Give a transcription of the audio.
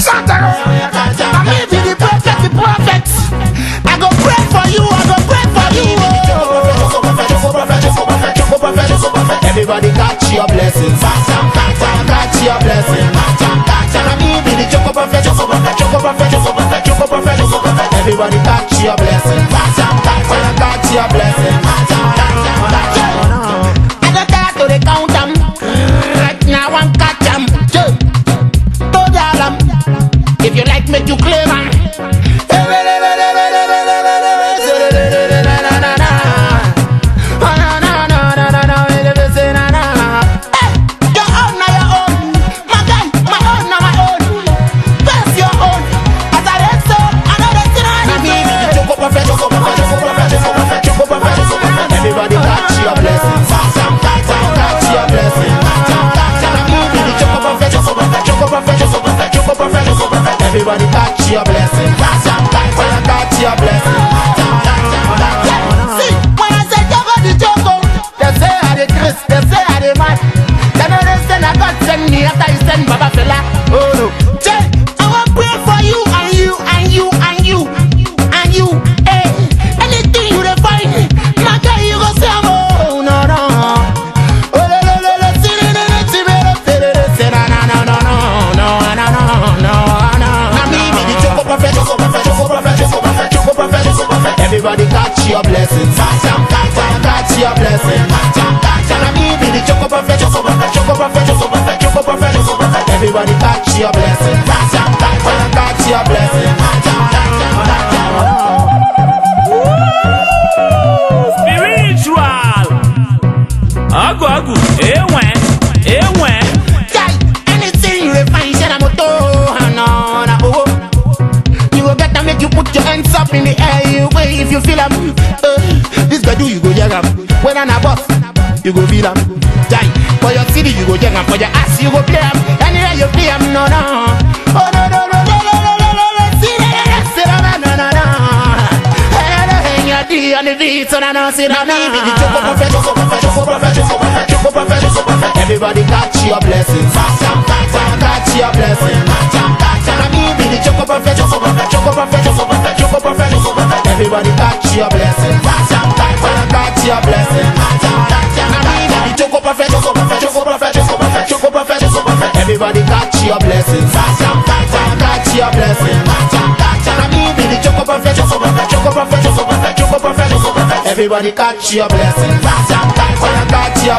Santaro, I'm the I go pray for you, I go pray for you. Everybody catch your blessings. Catch your blessings. make you clear. te essa? blessing. That's your blessing. Can I be the choco buffet, choco buffet, choco buffet, choco buffet, choco buffet, choco buffet? Everybody catch your blessing. Catch your blessing. Spiritual. Agu agu. Ewe. Ewe. Guy, anything you find, share a motor. No, no, oh. You will make you put your hands up in the air way if you feel am uh, This gbedu you go hear am whether na you go feel am die for your city you go jam, for your ass you go play am anywhere you play am no no oh no no no no no no no no no no no on the beat, on and on, sit down. Everybody catch your blessings. Everybody catch your blessing. Sometimes I catch your blessing. Everybody catch your blessings. Sometimes I catch your blessing. Choco choco perfect, choco perfect, choco perfect, choco perfect, choco perfect. Everybody catch your Sometimes I catch your